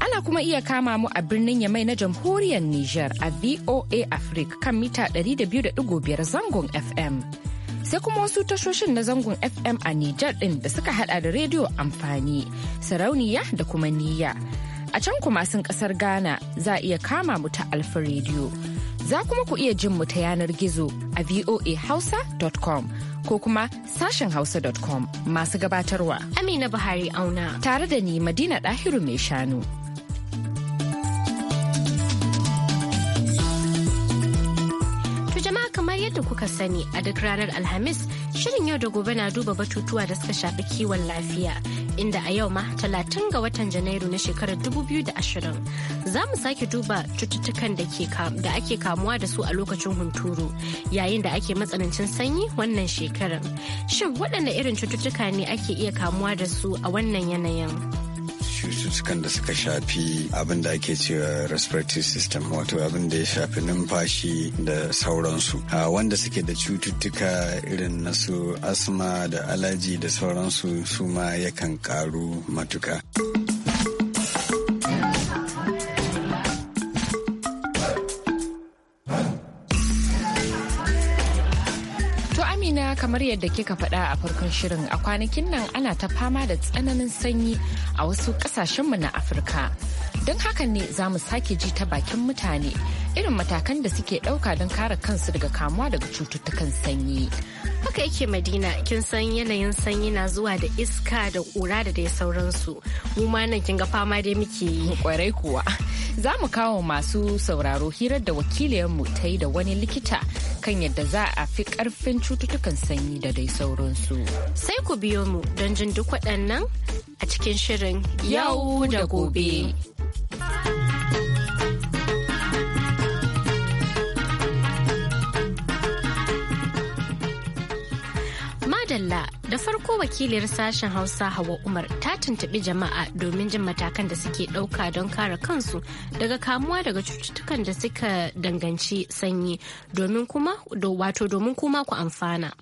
Ana kuma iya kama mu a birnin Yamai na jamhuriyar Nijar a VOA Africa kan mita 200.5 zangon FM. Sai kuma wasu tashoshin na zangon FM a Nijar ɗin da suka hada da rediyo amfani, sarauniya da kuma niyya. A can kuma sun ƙasar Ghana za a iya kama mu ta Alfa rediyo Za kuma ku iya jin mu ta yanar gizo a voahausa.com ko kuma sashen hausa.com masu gabatarwa. Amina Buhari auna. Tare da ni Madina Dahiru mai shanu. yadda kuka sani a duk ranar Alhamis shirin yau da gobe na duba batutuwa da suka shafi kiwon lafiya inda a yau ma talatin ga watan Janairu na shekarar 2020 za mu sake duba cututtukan da ake kamuwa da su a lokacin hunturu yayin da ake matsanancin sanyi wannan shekarar. Shin waɗanne irin cututtuka ne ake iya kamuwa da su a wannan yanayin? cututtukan da suka shafi abin da ake cewa respiratory system wato abin da ya shafi numfashi da sauransu wanda suke da cututtuka irin na su asma da alaji da sauransu su ma yakan karu matuka. Amina kamar yadda kika faɗa a farkon shirin a kwanakin nan ana ta fama da tsananin sanyi a wasu ƙasashenmu na Afirka. Don haka ne za mu sake ji ta bakin mutane irin matakan da suke ɗauka don kare kansu daga kamuwa daga cututtukan sanyi. Haka yake Madina, kin san yanayin sanyi na zuwa da iska da ƙura da dai sauransu. Mu ma nan kin ga fama da muke yi. Kwarai kuwa. Za mu kawo masu sauraro hirar da wakiliyarmu ta yi da wani likita kan yadda za a fi ƙarfin cututtukan sanyi da dai sauransu. Sai ku biyo mu don jin duk waɗannan a cikin shirin yau da gobe. Da farko wakiliyar sashen Hausa Hawa Umar ta tuntuɓi jama'a domin jin matakan da suke ɗauka don kare kansu daga kamuwa daga cututtukan da suka danganci sanyi wato domin kuma ku amfana.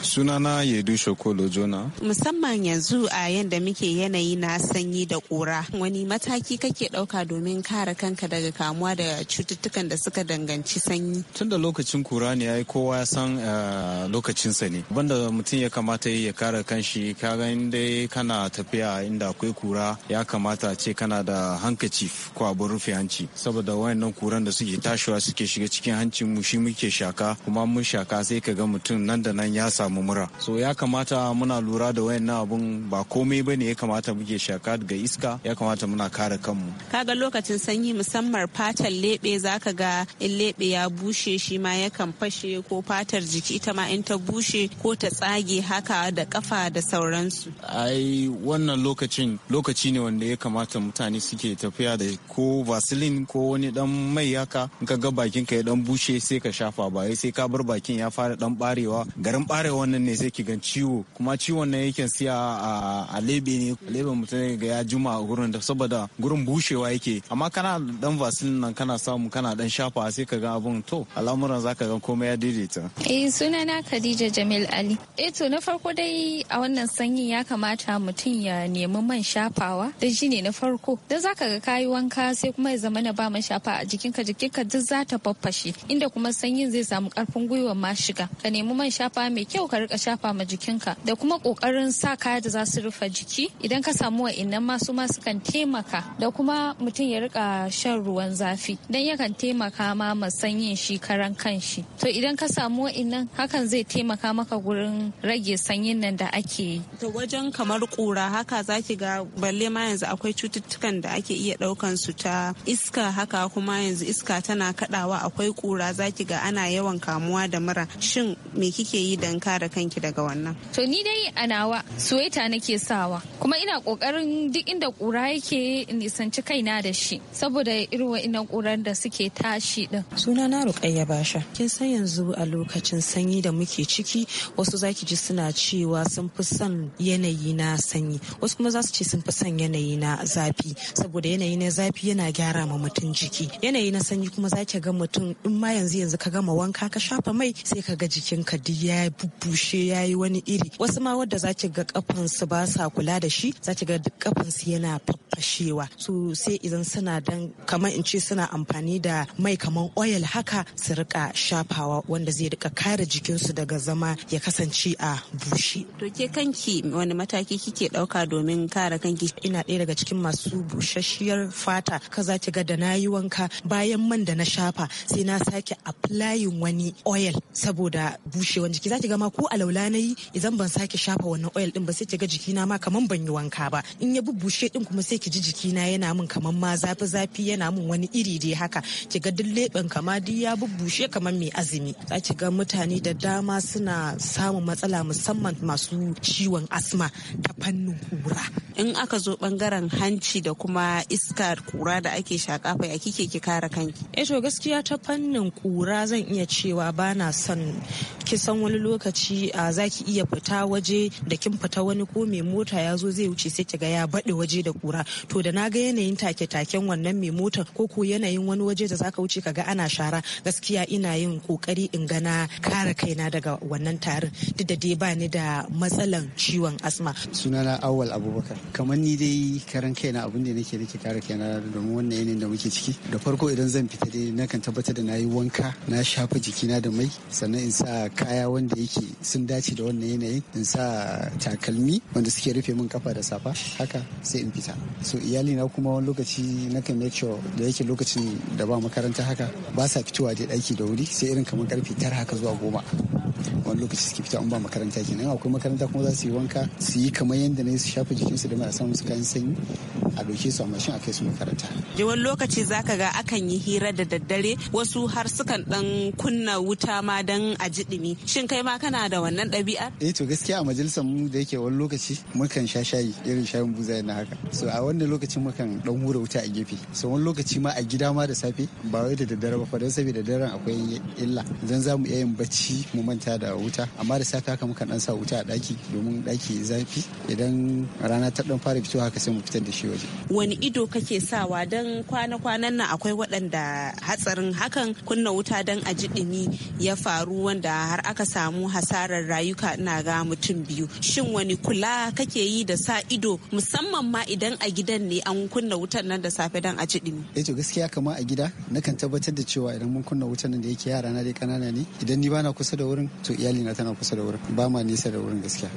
sunana yadu shokolo jona musamman yanzu a yadda muke yanayi na sanyi da ƙura. wani mataki kake ɗauka domin kare kanka daga kamuwa da cututtukan da suka danganci sanyi tun da lokacin kura ne ai kowa ya san eh, lokacin sa ne banda mutum ya kamata ya kare kanshi kaga inda kana tafiya inda akwai kura ya kamata ce kana da hankaci ko abin rufe hanci saboda wayannan kuran da suke tashiwa suke shiga cikin hancin mu shi muke shaka kuma mun shaka sai ka ga mutum nan da nan ya samu samu mura so ya kamata muna lura da na abun ba komai ba ne ya kamata muke shaka ga iska ya kamata muna kare kanmu kaga lokacin sanyi musamman fatar lebe zaka ga in lebe ya bushe shi ma yakan fashe ko fatar jiki ita ma in ta bushe ko ta tsage haka da kafa da sauransu ai wannan lokacin lokaci ne wanda ya kamata mutane suke tafiya da ko vaseline ko wani dan mai haka in ka ga bakin ka ya dan bushe sai ka shafa ba sai ka bar bakin ya fara dan barewa garin barewa wannan ne sai ki gan ciwo kuma ciwon nan yake siya a lebe ne lebe mutum ga ya juma a gurin da saboda gurin bushewa yake amma kana dan vaccine nan kana samu kana dan shafa sai ka ga abun to al'amuran zaka ga komai ya daidaita eh suna na Khadija Jamil Ali eh to na farko dai a wannan sanyin ya kamata mutum ya nemi man shafawa da shine na farko dan zaka ga kayi wanka sai kuma ya zama na ba man shafa a jikinka jikinka duk zata ta faffashe inda kuma sanyin zai samu karfin gwiwa ma shiga ka nemi man shafa mai kyau kyau ka rika shafa ma jikinka da kuma kokarin sa kaya da za su rufe jiki idan ka samu wa'annan masu ma sukan taimaka da kuma mutum ya rika shan ruwan zafi dan yakan taimaka ma masanyin shi karan kanshi to idan ka samu wa'annan hakan zai taimaka maka gurin rage sanyin nan da ake yi to wajen kamar kura haka zaki ga balle ma yanzu akwai cututtukan da ake iya daukan su ta iska haka kuma yanzu iska tana kadawa akwai kura zaki ga ana yawan kamuwa da mura shin me kike yi dan ka kare kanki daga wannan to ni dai a nawa suweta nake sawa kuma ina kokarin duk inda kura yake in nisanci kaina da shi saboda irin wa'innan kurar da suke tashi din suna na ruƙayya basha kin san yanzu a lokacin sanyi da muke ciki wasu zaki ji suna cewa sun fi son yanayi na sanyi wasu kuma za su ce sun fi son yanayi na zafi saboda yanayi na zafi yana gyara ma mutum jiki yanayi na sanyi kuma za ki ga mutum in ma yanzu yanzu ka gama wanka ka shafa mai sai ka ga jikinka duk ya bushe ya yi wani iri wasu ma wadda za ki ga kafansu ba sa kula da shi za ki ga kafin kafansu yana fashewa su sai idan suna dan kamar in ce suna amfani da mai kamar oil haka su rika shafawa wanda zai rika kare jikinsu daga zama ya kasance a bushe. To ke kanki wani mataki kike dauka domin kare kanki? Ina ɗaya daga cikin masu busasshiyar fata kaza ki ga da na yi wanka bayan man da na shafa sai na sake applying wani oil saboda bushewan jiki za ki ga ma ko alaula na yi idan ban sake shafa wannan oil din ba sai ki ga na ma kaman ban yi wanka ba in ya bubbushe din kuma sai ki ji jikina yana min kaman ma zafi zafi yana min wani iri dai haka ki ga duk leben kama duk ya bubbushe kaman mai azumi za ki ga mutane da dama suna samun matsala musamman masu ciwon asma ta fannin kura in aka zo bangaren hanci da kuma iska kura da ake shaka fa ya kike ki kare kanki eh to gaskiya ta fannin kura zan iya cewa bana son kisan wani lokaci lokaci a zaki iya fita waje da kin fita wani ko mai mota ya zo zai wuce sai ga ya baɗe waje da kura to da na ga yanayin take-taken wannan mai mota ko ko yanayin wani waje da zaka wuce kaga ana shara gaskiya ina yin kokari in gana kare kaina daga wannan tarin duk da dai ba ni da matsalan ciwon asma sunana awwal abubakar kamar ni dai karan kaina abin da nake nake kare kaina domin wannan yanayin da muke ciki da farko idan zan fita dai nakan tabbatar da na yi wanka na shafa jikina da mai sannan in sa kaya wanda yake sun dace da wannan yanayin in sa takalmi wanda suke rufe min kafa da safa haka sai in fita so iyali na kuma wani lokaci na kan make sure da yake lokacin da ba makaranta haka ba sa fitowa da daki da wuri sai irin kamar karfe tara haka zuwa goma wani lokaci suke fita in ba makaranta kenan akwai makaranta kuma za su yi wanka su yi kamar yadda ne su shafa jikinsu da samun su kayan sanyi a doke su a mashin a kai su makaranta. wani lokaci za ka ga akan yi hira da daddare wasu har sukan dan kunna wuta ma dan a ji dumi shin kai ma kana kana da wannan ɗabi'ar? eh to gaskiya a majalisar mu da yake wani lokaci mukan sha shayi irin shayin buza na haka so a wannan lokacin mukan ɗan hura wuta a gefe so wani lokaci ma a gida ma da safe ba wai da daddare ba fa don saboda daren akwai illa zan za mu iya yin bacci mu manta da wuta amma da safe haka mukan dan sa wuta a ɗaki domin daki zafi idan rana ta dan fara fitowa haka sai mu fitar da shi waje wani ido kake sawa don kwana-kwanan nan akwai waɗanda hatsarin hakan kunna wuta don a ji ɗumi ya faru wanda har aka samu hasarar rayuka ina ga mutum biyu shin wani kula kake yi da sa ido musamman ma idan a gidan ne an kunna wutan nan da safe dan a ɗimi. eh to gaskiya kama a gida nakan tabbatar da cewa idan mun kunna wutan nan da yake yara na dai kanana ne idan ni bana kusa da wurin to na tana kusa da wurin ba ma nisa da wurin gaskiya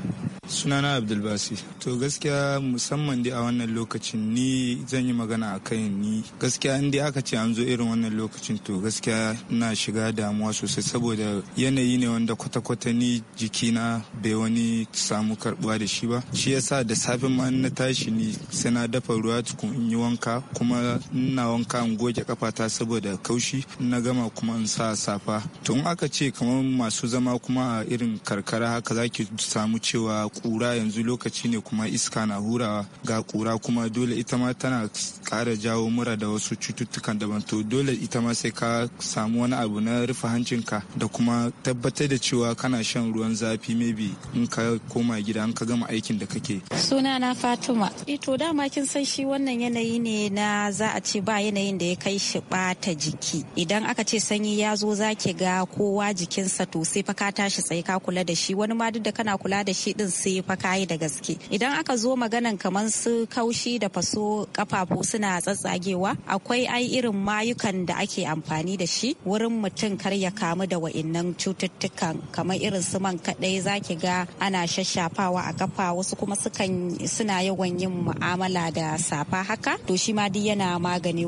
sunana abdulbasi to gaskiya musamman dai a wannan lokacin ni zan yi magana a kan ni gaskiya in dai aka ce an zo irin wannan lokacin to gaskiya na shiga damuwa sosai saboda yanayi ne wanda kwata-kwata wani jikina bai wani samu karbuwa da shi ba shi yasa da safe ma na tashi ni sai na dafa ruwa tukun in yi wanka kuma ina wanka in goge kafata saboda kaushi na gama kuma in sa safa tun aka ce kamar masu zama kuma a irin karkara haka zaki samu cewa kura yanzu lokaci ne kuma iska na hurawa ga kura kuma dole ita ma tana kara jawo mura da wasu cututtukan daban to dole ita ma sai ka samu wani abu na rufe hancinka da kuma tabbatar da cewa kana shan ruwan zafi maybe in ka koma gida in ka gama aikin da kake suna na fatima ito e, dama kin san shi wannan yanayi ne na za a ce ba yanayin da ya kai shi bata jiki idan aka ce sanyi ya zo za ki ga kowa jikinsa to sai fa ka tashi tsaye ka kula da shi wani ma duk da kana kula da shi din sai fa ka yi da gaske idan aka zo maganan kamar su kaushi da faso kafafu suna tsatsagewa akwai ai irin mayukan da ake amfani da shi wurin mutum kar ya kamu da wa'innan cututtukan kamar irin irin su man kaɗai za ga ana shashafawa a kafa wasu kuma sukan suna yawan yin mu'amala da safa haka to shi ma duk yana magani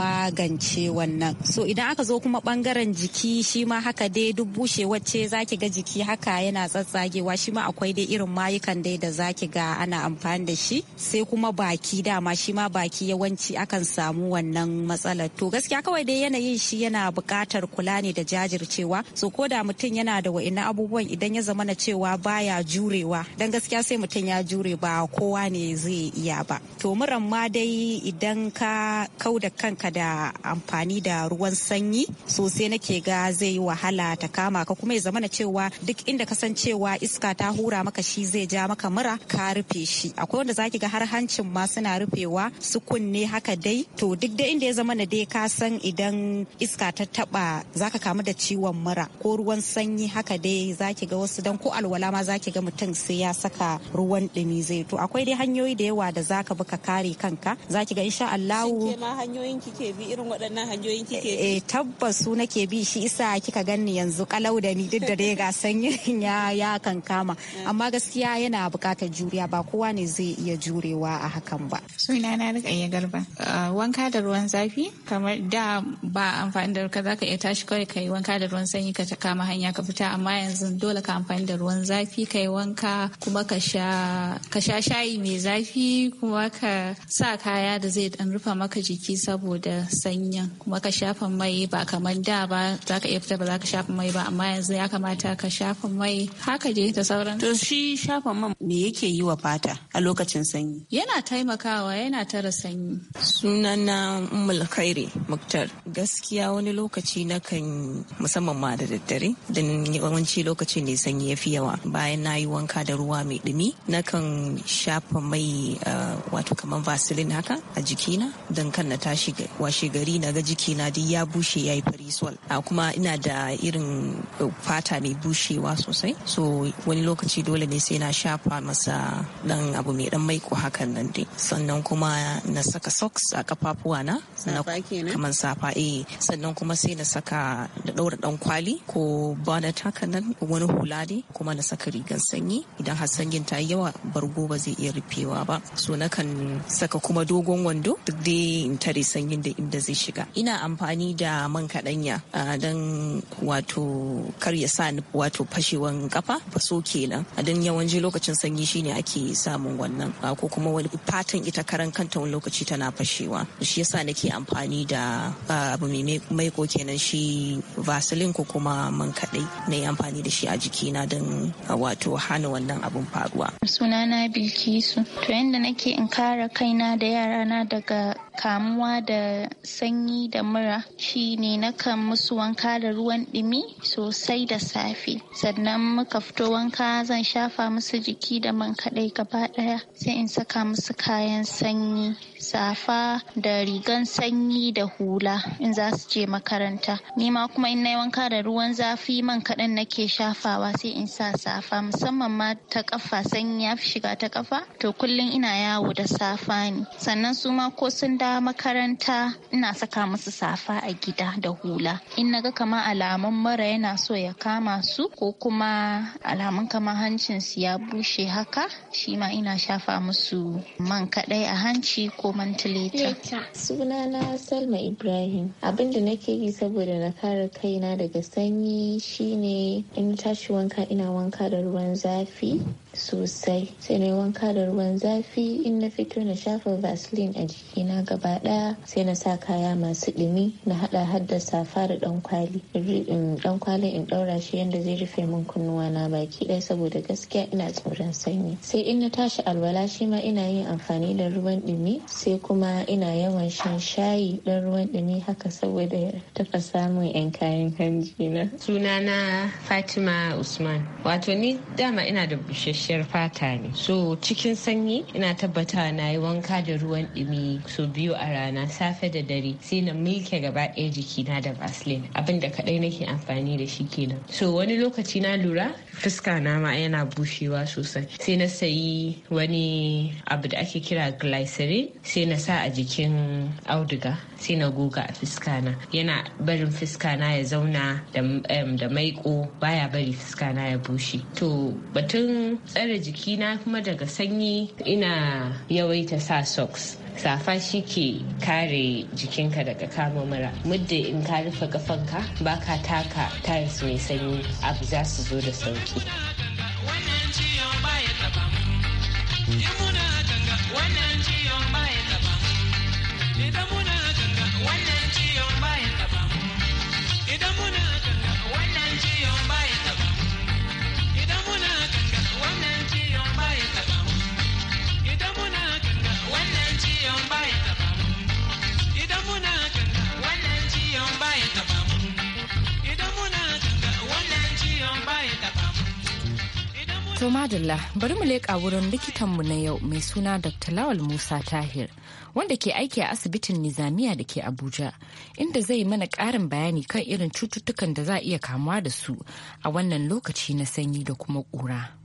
magance wannan so idan aka zo kuma bangaren jiki shi ma haka dai duk bushe wacce zaki ga jiki haka yana tsatsagewa shi ma akwai dai irin mayukan dai da zaki ga ana amfani da shi sai kuma baki dama shi ma baki yawanci akan samu wannan matsalar to gaskiya kawai dai yanayin shi yana buƙatar kula ne da jajircewa so ko da mutum yana da wa'in abu abubuwan idan ya zama na cewa baya jurewa dan gaskiya sai mutum ya jure ba kowa ne zai iya ba to muran ma dai idan ka kau da kanka da amfani da ruwan sanyi sosai nake ga zai yi wahala ta kama ka kuma ya zama na cewa duk inda ka san cewa iska ta hura maka shi zai ja maka mura ka rufe shi akwai wanda zaki ga har hancin ma suna rufewa su kunne haka dai to duk da inda ya zama na dai ka san idan iska ta taba zaka kamu da ciwon mura ko ruwan sanyi haka dai zaki ga wasu dan ko alwala ma zaki ga mutum sai ya saka ruwan dumi zai to akwai dai hanyoyi da yawa da zaka bi ka kare kanka zaki ga insha Allah ke ma hanyoyin kike bi irin waɗannan hanyoyin kike bi eh, tabbas su nake bi shi isa kika ganni yanzu kalau da ni duk da dai ga sanyin ya ya kankama eh. amma gaskiya yana buƙatar juriya ba kowa ne zai iya jurewa a hakan ba suna na rika iya garba ah, wanka da ruwan zafi kamar da ba amfani da za zaka iya tashi kawai kai wanka da ruwan sanyi ka ta kama hanya ka fita amma yanzu dole ka amfani da ruwan zafi ka yi wanka kuma ka sha shayi mai zafi kuma ka sa kaya da zai dan rufa maka jiki saboda sanyin kuma ka shafa mai ba kamar da ba za ka iya fita ba za ka shafa mai ba amma yanzu ya kamata ka shafa mai haka je da sauran to shi shafa man me yake yi wa fata a lokacin sanyi yana taimakawa yana tara sanyi na ummul khairi muktar gaskiya wani lokaci na kan musamman ma da daddare da yawanci lokacin ne sanyi ya fi yawa bayan na yi wanka da ruwa mai dumi na kan shafa mai eh, wato kamar vaseline haka a jikina don kan na tashi washe gari na ga jikina duk ya bushe ya yi fari sol kuma ina da irin eh, fata mai bushewa sosai so wani lokaci dole ne sai na shafa masa dan abu mai dan maiko hakan nan dai sannan kuma na saka socks a kafafuwa na kamar safa eh sannan kuma sai na saka da daura dan kwali ko bonnet haka nan wani hula ne kuma na saka rigan sanyi idan har sanyin ta yi yawa bargo ba zai iya rufewa ba so na kan saka kuma dogon wando duk dai in tare sanyin da inda zai shiga ina amfani da man kaɗanya don wato kar ya sa wato fashewan kafa faso kenan don yawanci lokacin sanyi shine ake samun wannan ko kuma wani fatan ita karan kanta wani lokaci tana fashewa shi yasa nake amfani da abu mai maiko kenan shi vaseline ko kuma man kaɗai na yi amfani da shi a jikina don wato hana wannan abun faruwa. Sunana Bilkisu. To yadda nake in kare kaina da yarana daga kamuwa da sanyi da mura shi shine nakan musu wanka da ruwan ɗumi sosai da safe. Sannan muka fito wanka zan shafa musu jiki da man kaɗai gaba ɗaya sai in saka musu kayan sanyi safa da rigan sanyi da hula in za su je makaranta ni ma kuma in yi wanka da ruwan zafi man kaɗan nake shafawa sai in sa safa musamman ma ta kafa sanyi ya fi shiga ta kafa to kullum ina yawo da safa ne sannan su ma ko sun da makaranta ina saka musu safa a gida da hula in naga kama alamun mara yana so ya kama su ko kuma alamun kama hancin su ya bushe haka shi ma ina shafa musu man kaɗai a hanci ko comment suna Sunana Salma Ibrahim. Abin da nake yi saboda na kare kaina daga sanyi shine in tashi wanka ina wanka da ruwan zafi sosai sai na yi wanka da ruwan zafi in na fito na shafa vaseline a jikina gaba daya sai na sa kaya masu dumi na hada hada safa da dan kwali dan kwali in daura shi yanda zai rufe min kunnuwa na baki ɗaya saboda gaskiya ina tsoron sanyi sai in na tashi alwala shi ma ina yin amfani da ruwan dumi sai kuma ina yawan shan shayi dan ruwan dumi haka saboda ya tafa samun yan kayan hanji na sunana fatima usman wato ni dama ina da bushe busasshiyar fata ne so cikin sanyi ina tabbata na yi wanka da ruwan ɗumi so biyu a rana safe da dare sai na milke gaba ɗaya jikina da vaseline abin da kaɗai nake amfani da shi kenan so wani lokaci na lura fuska na ma yana bushewa sosai sai na sayi wani abu da ake kira glycerin sai na sa a jikin auduga sai na goga a fuska na yana barin fuska na ya zauna da maiko baya bari fuska na ya bushe to batun tsare jikina kuma daga sanyi ina yawaita sa socks safa shi ke kare jikinka daga kama mara muddin in ka rufe kafanka baka taka tiles mai sanyi abu za su zo da sauki Idan muna To madalla bari mu leƙa wurin likitanmu na yau mai suna Dr. Lawal Musa Tahir wanda ke aiki a asibitin Nizamiya da ke Abuja inda zai mana ƙarin bayani kan irin cututtukan da za a iya kamuwa da su a wannan lokaci na sanyi da kuma ƙura.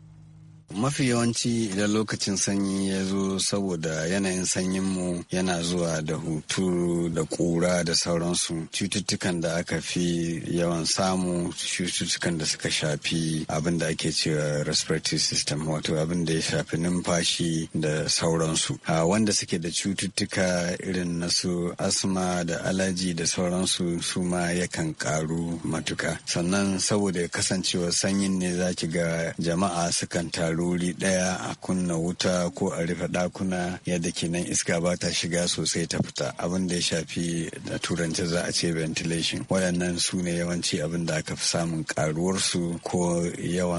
mafi yawanci idan lokacin sanyi ya zo saboda yanayin sanyinmu yana zuwa da hutu da ƙura da sauransu cututtukan da aka fi yawan samu cututtukan da suka shafi abin da ake cewa respiratory system wato abin da ya shafi numfashi da sauransu wanda suke da cututtuka irin na su asma da alaji da sauransu su ma yakan karu matuka sannan saboda kasancewa sanyin ne za ki ga jama'a sukan taru ruri ɗaya a kunna wuta ko a rufe ɗakuna yadda kenan iska ba ta shiga sosai ta fita abin da ya shafi da turanci za a ce ventilation waɗannan su ne yawanci abin da aka fi samun karuwarsu ko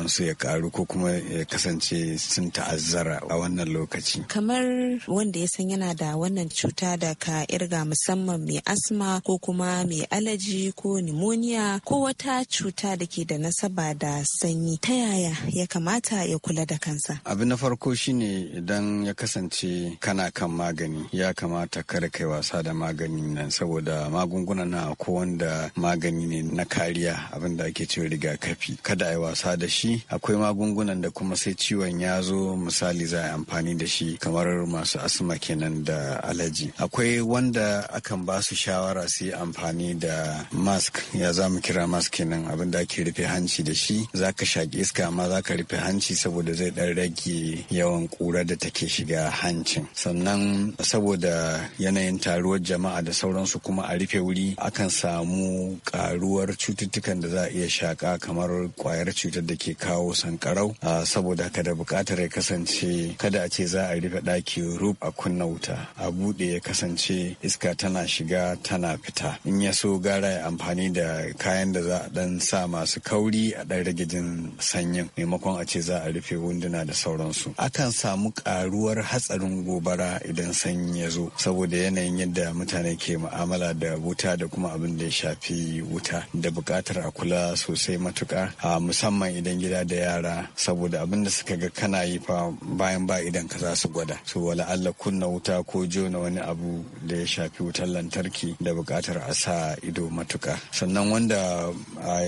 su ya karu ko kuma ya kasance sun ta'azzara a wannan lokaci kamar wanda ya san yana da wannan cuta da ka irga musamman mai asma ko kuma mai alaji ko pneumonia ko wata cuta da ke da nasaba da sanyi ta yaya ya kamata ya kula da kansa. Abin na farko shine idan ya kasance kana kan magani ya kamata kada kai wasa da magani nan saboda magunguna na ko wanda magani ne na kariya abin da ake cewa rigakafi kada a wasa da shi akwai magungunan da kuma sai ciwon ya zo misali za a yi amfani da shi kamar masu asma kenan da alaji akwai wanda akan ba su shawara sai amfani da mask ya za mu kira mask kenan abin da ake rufe hanci da shi za ka shaƙi iska amma za ka rufe hanci saboda zai dan rage yawan kura da take shiga hancin sannan saboda yanayin taruwar jama'a da sauransu kuma a rufe wuri akan samu karuwar cututtukan da za a iya shaka kamar kwayar cutar da ke kawo sankarau saboda haka da bukatar ya kasance kada a ce za a rufe ɗakin rub a kunna wuta a bude ya kasance iska tana shiga tana fita in ya so gara ya amfani da kayan da za a dan sa masu kauri a ɗan rage jin sanyin maimakon a ce za a rufe wuri wunduna da sauransu akan samu karuwar hatsarin gobara idan sanyi ya zo saboda yanayin yadda mutane ke mu'amala da wuta da kuma abin da ya shafi wuta da buƙatar a kula sosai matuƙa musamman idan gida da yara saboda abin da suka ga kana yi fa bayan ba idan ka za su gwada so wala Allah kunna wuta ko jona wani abu da ya shafi wutar lantarki da buƙatar a sa ido matuƙa sannan wanda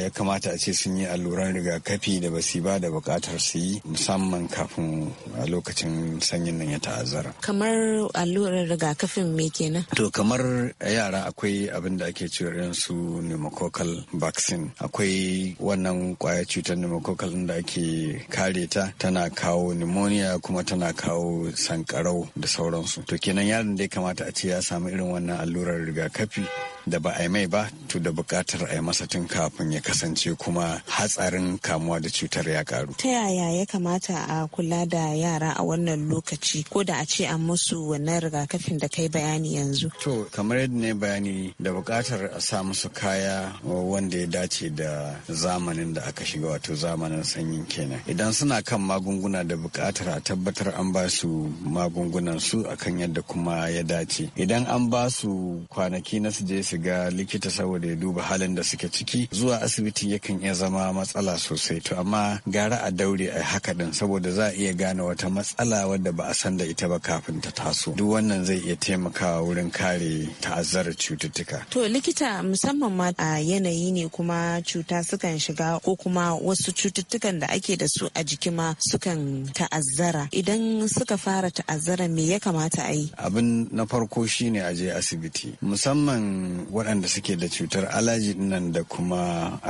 ya kamata a ce sun yi alluran rigakafi da basi ba da buƙatar su yi musamman kafin a lokacin sanyin nan ya ta'azzara. Kamar allurar rigakafin me kenan? To kamar yara akwai abin da ake cewa su pneumococcal vaccine. Akwai wannan kwayar cutar pneumococcal da ake kare ta tana kawo pneumonia kuma tana kawo sankarau da sauransu. To kenan yaron da ya kamata a ce ya samu irin wannan allurar rigakafi da ba a yi mai ba to da bukatar a yi masa tun kafin ya kasance kuma hatsarin kamuwa da cutar ya karu. Ta yaya ya kamata kamata a kula da yara a wannan lokaci ko da a ce an musu wannan rigakafin da kai bayani yanzu? To kamar yadda ne bayani da bukatar a sa musu kaya wanda ya dace da zamanin da aka shiga wato zamanin sanyin kenan. Idan suna kan magunguna da bukatar a tabbatar an ba su magungunan su akan yadda kuma ya dace. Idan an ba su kwanaki na su je su ga likita saboda ya duba halin da suke ciki zuwa asibitin yakan iya zama matsala sosai to amma gara a daure a haka din saboda za a iya gane wata matsala wadda ba a san da ita ba kafin ta taso duk wannan zai iya taimakawa wurin kare ta'azzarar cututtuka to likita musamman ma a yanayi ne kuma cuta sukan shiga ko kuma wasu cututtukan da ake da su a jiki ma sukan ta'azzara idan suka fara ta'azzara me ya kamata a yi abin na farko shine a je asibiti musamman waɗanda suke da cutar alaji nan da kuma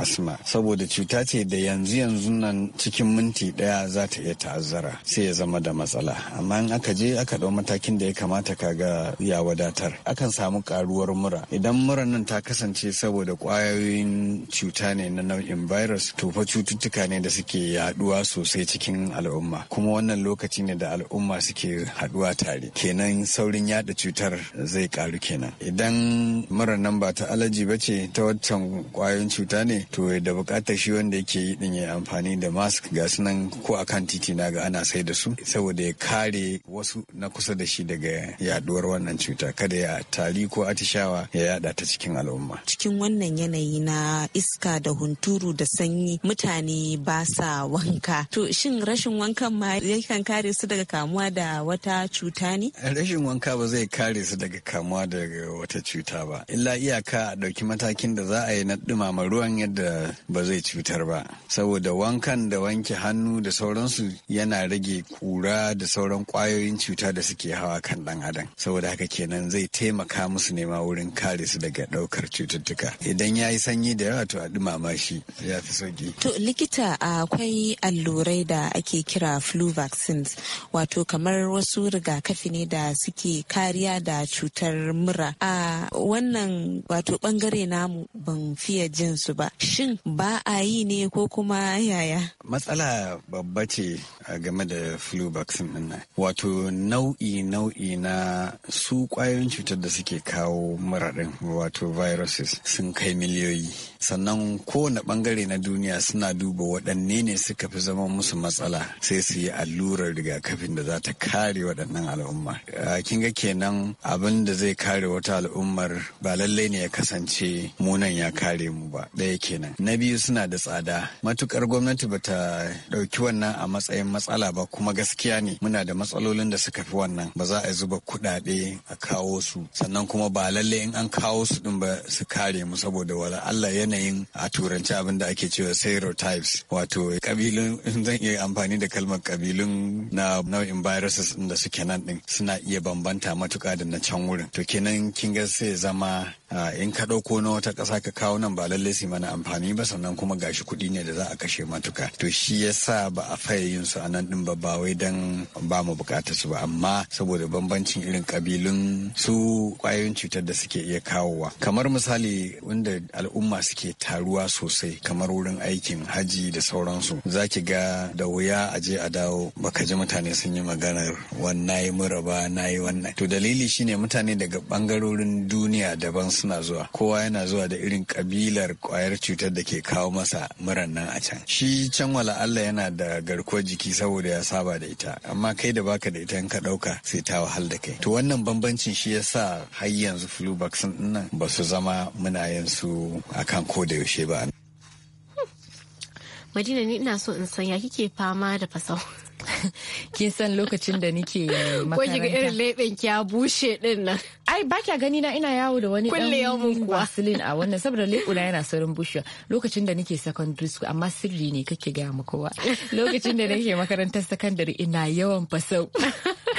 asma saboda cuta ce da yanzu yanzu nan cikin minti ɗaya za za ta iya ta'azzara sai ya zama da matsala amma in aka je aka ɗau matakin da ya kamata ka ga ya wadatar akan samu karuwar mura idan muran nan ta kasance saboda kwayoyin cuta ne na nau'in virus to fa cututtuka ne da suke yaduwa sosai cikin al'umma kuma wannan lokaci ne da al'umma suke haduwa tare kenan saurin yada cutar zai karu kenan idan muran nan ba ta alaji ba ce ta waccan kwayoyin cuta ne to da bukatar shi wanda yake yi din ya amfani da mask ga sunan ko a kan titi na ga ana sai da su saboda ya kare wasu na kusa da shi daga yaduwar wannan cuta kada ya tari ko atishawa ya yada ta cikin al'umma cikin wannan yanayi na iska da hunturu da sanyi mutane ba sa wanka to shin rashin wankan ma yakan kare su daga kamuwa da wata cuta ne rashin wanka ba zai kare su daga kamuwa daga wata cuta ba illa iyaka a ɗauki matakin da za a yi na ɗumama ruwan yadda ba zai cutar ba saboda wankan da wanke hannu da sauran sauransu yana rage kura da sauran kwayoyin cuta da suke hawa kan dan adam saboda haka kenan zai taimaka musu nema wurin kare su daga daukar cututtuka idan ya yi sanyi da yawa to a dumama shi ya fi sauki to likita akwai allurai da ake kira flu vaccines wato kamar wasu rigakafi ne da suke kariya da cutar mura a wannan wato bangare namu ban fiye jin su ba shin ba a yi ne ko kuma yaya matsala babba ce game da flu vaccine din nan wato nau'i nau'i na su kwayoyin cutar da suke kawo murarin wato viruses sun kai miliyoyi sannan kowane bangare na duniya suna duba waɗanne ne suka fi zama musu matsala sai su yi allurar rigakafin da za ta kare waɗannan al'umma kin ga kenan abin da zai kare wata al'ummar ba lallai ne ya kasance munan ya kare mu ba ɗaya kenan na biyu suna da tsada matukar gwamnati bata ɗauki wannan a matsayin matsala ba kuma gaskiya ne muna da matsalolin da suka fi wannan ba za a zuba kuɗaɗe a kawo su sannan kuma ba lalle in an kawo su din ba su kare mu saboda wala Allah yanayin a turanci abin da ake cewa stereotypes wato kabilun in zan iya amfani da kalmar kabilun na nau'in viruses din da suke nan din suna iya bambanta matuka da na can wurin to kenan kin ga sai zama in ka ɗauko na wata ƙasa ka kawo nan ba lalle su mana amfani ba sannan kuma gashi kuɗi ne da za a kashe matuka to shi yasa ba a fayayin su a nan din ba wai dan ba mu bukatar su ba amma saboda bambancin irin kabilun su kwayoyin cutar da suke iya kawowa kamar misali wanda al'umma suke taruwa sosai kamar wurin aikin haji da sauransu zaki ga da wuya a je a dawo baka ji mutane sun yi maganar wannan yi mura ba na yi wannan to dalili shine mutane daga bangarorin duniya daban suna zuwa kowa yana zuwa da irin kabilar kwayar cutar da ke kawo masa muran nan a can shi can wala Allah yana da garkuwar jiki saboda ya saba da ita amma kai da baka da ita in ka dauka sai ta wahal da kai to wannan bambancin shi yasa har yanzu flu vaccine din nan ba su zama muna yin su akan ko da yaushe ba Madina ni ina so in san ya kike fama da fasau. kin san lokacin da nike makaranta. Ko kiga irin leɓen ki bushe ɗin nan. Ai ba kya gani na ina yawo da wani ɗan basilin a wannan saboda leɓuna yana saurin bushewa lokacin da nike secondary school amma sirri ne kake gaya ma kowa. Lokacin da nake makarantar secondary ina yawan fasau.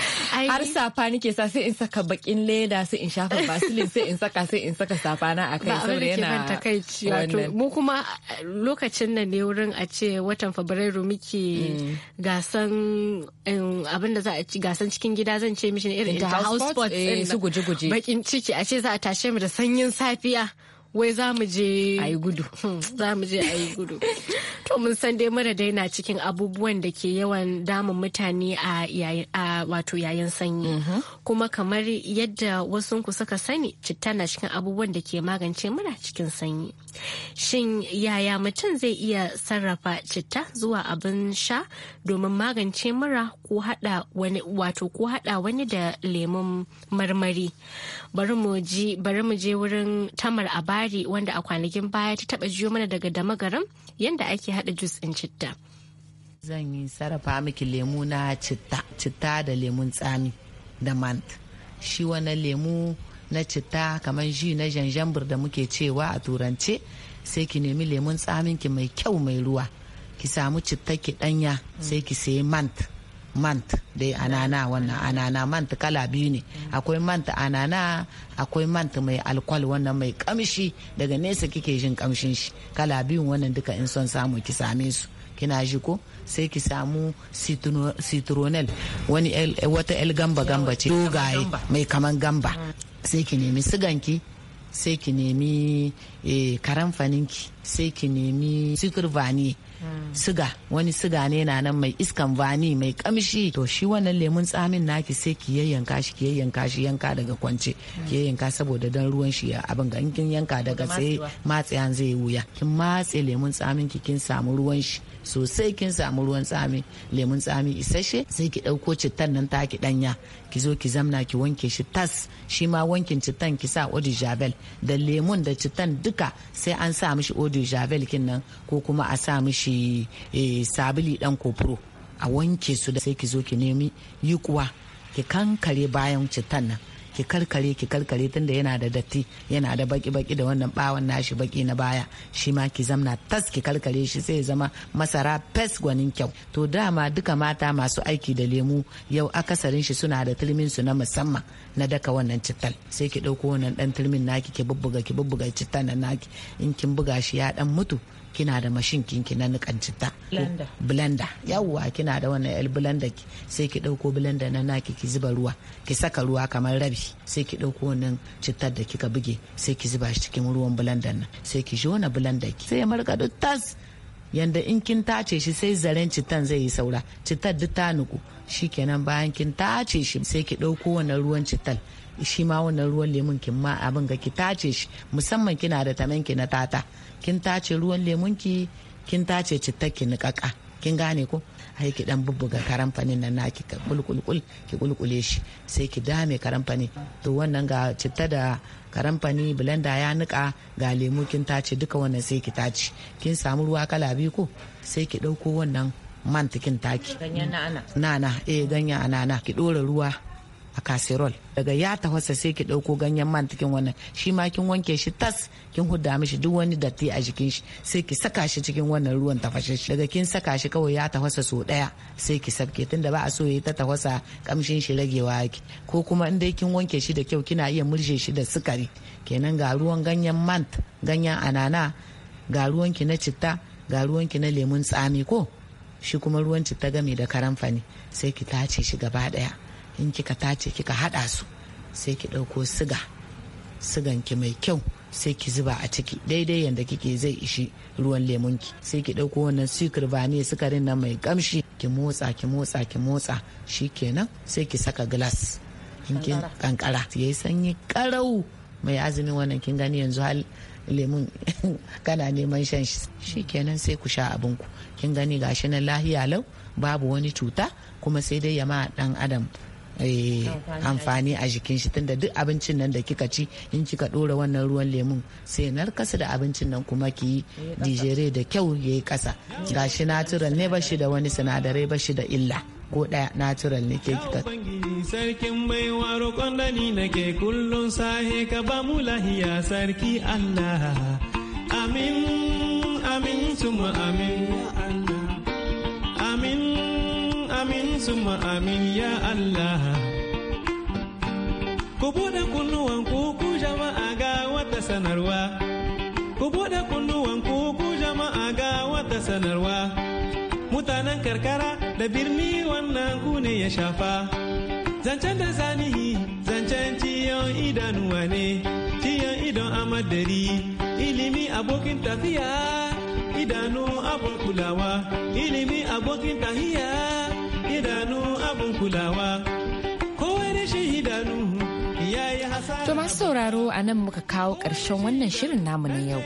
har safa nake sa sai in saka bakin leda sai in shafa basilin sai in saka sai in saka safa na kai saboda yana takaici wato mu kuma eh, lokacin nan ne wurin a ce watan fabrairu muke mm. gasan eh, abin da za a ci gasan cikin gida zan ce mishi irin ta house sports eh, su guje guje bakin ciki a ce za a tashe mu da sanyin safiya wai za mu je a yi gudu hmm, za mu je a yi gudu to mun san dai mara dai na cikin abubuwan da ke yawan damun mutane a wato yayin sanyi mhm. kuma kamar yadda wasu ku suka sani citta na cikin abubuwan da ke magance mura cikin sanyi shin yaya mutum zai iya sarrafa citta zuwa abin sha domin magance mura ko hada wani wato ko hada wani da lemun marmari bari mu je wurin tamar a baya labari wanda a kwanakin baya ta taba jiyo mana daga dama garin yadda ake haɗa jus in citta. Zan yi sarrafa miki lemu na citta, citta da lemun tsami da mant. Shi wani lemu na citta kamar ji na janjambur da muke cewa a turance sai ki nemi lemun tsamin ki mai kyau mai ruwa. Ki samu citta ki ɗanya sai ki sayi mant. mant dai anana wannan anana mant kala biyu ne akwai mant anana akwai mant mai alkwal wannan mai kamshi daga nesa kike jin kamshin shi kala biyun wannan duka in son samu ki same su kina ji ko sai ki samu citronel wani wata el gamba gamba ce dogaye mai kaman gamba sai ki nemi siganki sai ki nemi e, karamfaninki sai ki nemi sigar vani hmm. siga wani siga ne na nan mai iskan vani mai kamshi to shi wannan lemun tsamin naki sai ki yayyanka shi ki yayyanka shi yanka daga kwance hmm. ki yayyanka saboda dan ruwan shi abin ga kin yanka daga sai matsayan zai wuya kin matse lemun tsamin ki kin samu ruwan shi sosai kin samu ruwan tsami lemun tsami isasshe sai ki ɗauko cittan nan taki ɗanya ki zo ki zamna ki wanke shi tas shi ma wankin cittan ki sa odi javel da lemun da cittan duka sai an sa mishi odi javel kin nan ko kuma a sa mishi eh, sabili ɗan kofuro a wanke su da sai ki zo ki nemi yi kuwa ki kankare bayan cittan nan ki karkare ki karkare tunda yana da datti yana da baki baki da wannan bawan nashi baki na baya shi ma ki zamna tas ki karkare shi sai zama masara pes gwanin kyau to dama duka mata masu aiki da lemu yau akasarin shi suna da turmin su na musamman na daka wannan cittal sai ki dauko wannan dan tilmin naki ki bubbuga ki bubbuga cittan naki in kin buga shi ya dan mutu kina da mashin kinki na nikan citta oh, blender yawwa kina da wannan yar blender sai ki dauko blender na naki ki zuba ruwa ki saka ruwa kamar rabi sai ki dauko wannan cittar da kika buge sai ki zuba shi cikin ruwan blender nan sai ki jona blender ki sai ya markado tas yanda in kin tace shi sai zaren cittan zai yi saura cittar duk ta nuku kenan bayan kin tace shi sai ki dauko wannan ruwan cittar shi ma wannan ruwan lemun kin ma abin ga ki tace shi musamman kina da tamanki na tata kin tace ruwan lemunki kin tace ki niƙaƙa kin gane ko ai ki dan bubbuga karamfanin nan naki ka kulkulkul ki kulkule shi sai ki dame karamfani to wannan ga citta da karamfani blender ya nika ga lemu kin tace duka wannan sai ki tace kin samu ruwa kala biyu ko sai ki dauko wannan man taki ganyen na'ana na'ana eh ganyen anana ki dora ruwa a casserole daga ya tafasa sai ki ɗauko ganyen man cikin wannan shi ma kin wanke shi tas kin huda mishi duk wani datti a jikin shi sai ki saka shi cikin wannan ruwan tafashe shi daga kin saka shi kawai ya tafasa so ɗaya sai ki sabke tunda ba a so ya ta tafasa kamshin shi ragewa yake ko kuma in dai kin wanke shi da kyau kina iya murje shi da sukari kenan ga ruwan ganyen man ganyen anana ga ruwanki na citta ga ruwanki na lemun tsami ko shi kuma ruwan citta game da karamfani sai ki tace shi gaba daya in kika tace kika haɗa su sai ki ɗauko siga ki mai kyau sai ki zuba a ciki daidai yadda kike zai ishi ruwan ki sai ki ɗauko wannan sikir ne sukarin nan mai kamshi ki motsa ki motsa ki motsa shi sai ki saka glass in kin kankara yayi sanyi karau mai azumi wannan kin gani yanzu hal lemun kana neman shan shi kenan sai ku sha ku kin gani gashi na lahiya lau babu wani cuta kuma sai dai yama dan adam Eh, amfani a jikin shi tunda duk abincin nan da kika ci in kika dora wannan ruwan lemun sai narkasa da abincin nan kuma ki dijere da kyau ya yi kasa gashi natural ne ba shi da wani sinadarai ba shi da illa ko ɗaya natural ne ke kika Sarkin baiwa dani nake kullum sahe ka ba lahiya sarki Allah. Amin, amin, amin. suma amin ya Allah. Ku buɗe kunnuwan ku ku jama'a ga wata sanarwa. Ku buɗe kunnuwan ku ku jama'a ga wata sanarwa. Mutanen karkara da birni wannan ku ne ya shafa. Zancen da zanihi zancen ciyon idanuwa ne, ciyon idon amadari, ilimi abokin tafiya, idanu abun kulawa, ilimi abokin tahiya. idanu abin kulawa kowai rashin idanu To masu sauraro a nan muka kawo ƙarshen wannan shirin namu na yau.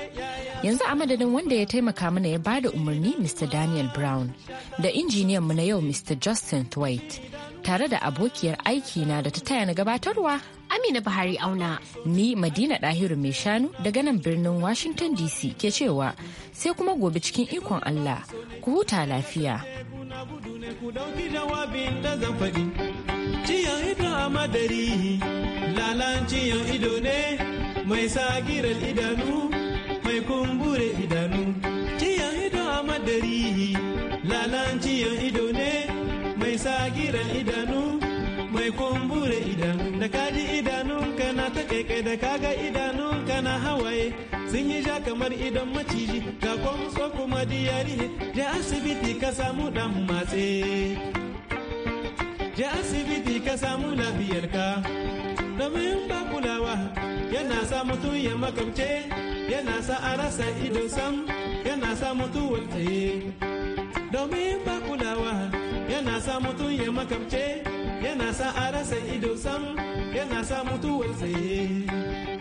Yanzu a madadin wanda ya taimaka mana ya bada umarni Mr. Daniel Brown da injiniyan mu na yau Mr. Justin Thwaite tare da abokiyar aiki na da ta taya ni gabatarwa Amina Buhari auna. Ni Madina Dahiru mai shanu daga nan birnin Washington DC ke cewa sai kuma gobe cikin ikon Allah ku huta lafiya. Ku dauki jawabin da zan faɗi, ciyan ido a madari, lalan ciyan ido ne mai sagirar idanu, mai kumbure idanu. Ciyan ido a madari, lalan ciyan ido ne mai sagirar idanu. mai kumbure idanu da kaji idanun ka na ta kai da kaga idanun ka na hawaye sun yi ja kamar idan maciji ga kwamso kuma diyari je asibiti ka samu dan matse je asibiti ka samu lafiyarka domin ba kulawa yana sa mutum ya makamce yana sa a rasa ido sam yana sa mutuwar tsaye domin ba kulawa yana sa mutum ya makamce yana sa arasa rasa ido sam yana sa mutuwar tsaye